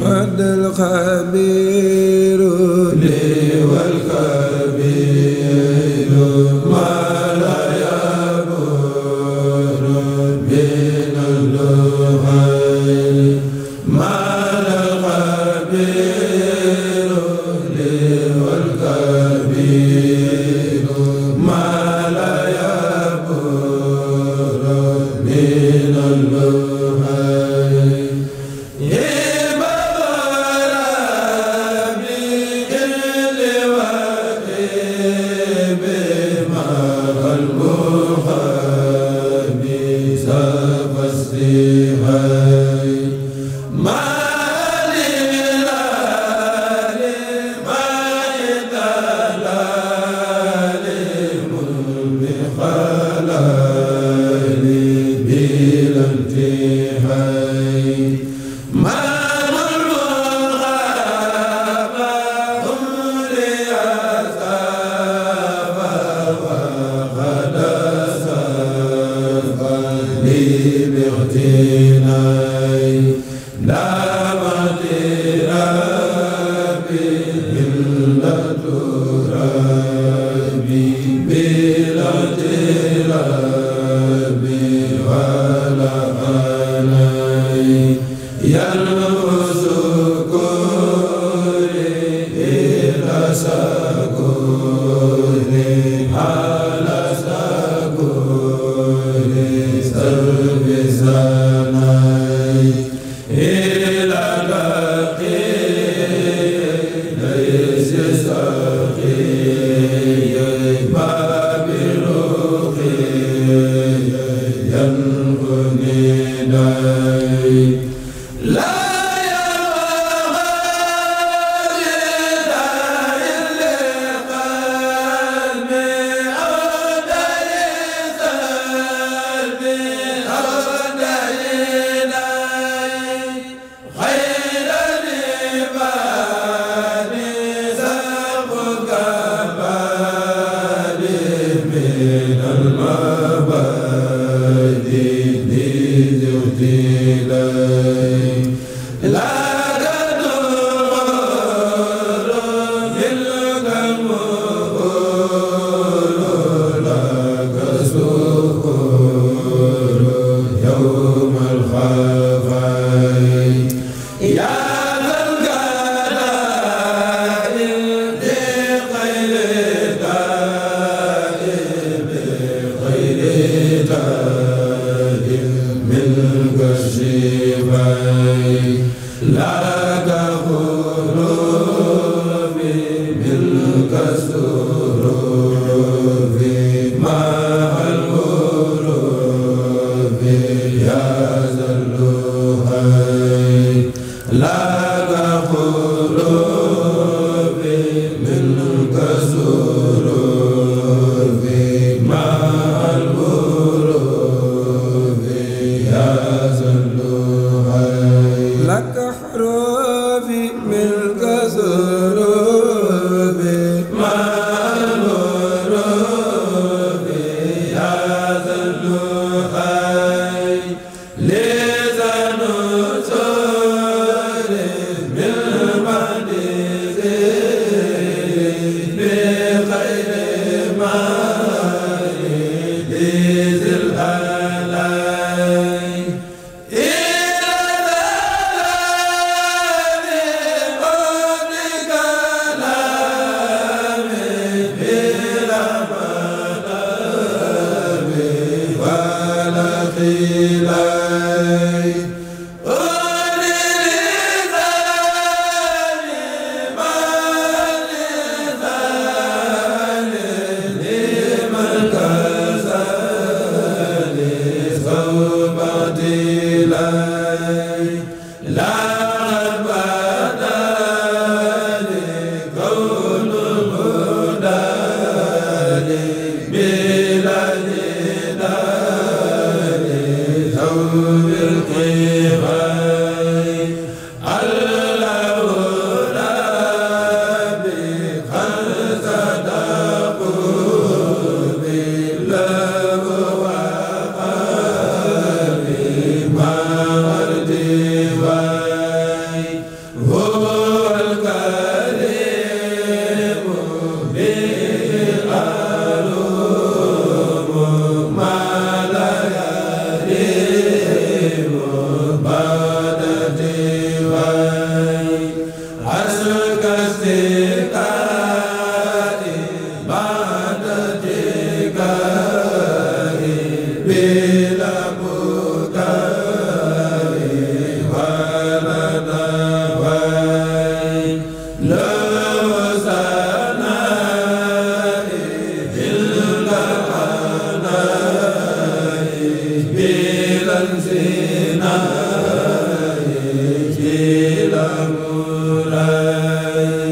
madal xabiru bi باختلاي لا ba la ثقيلا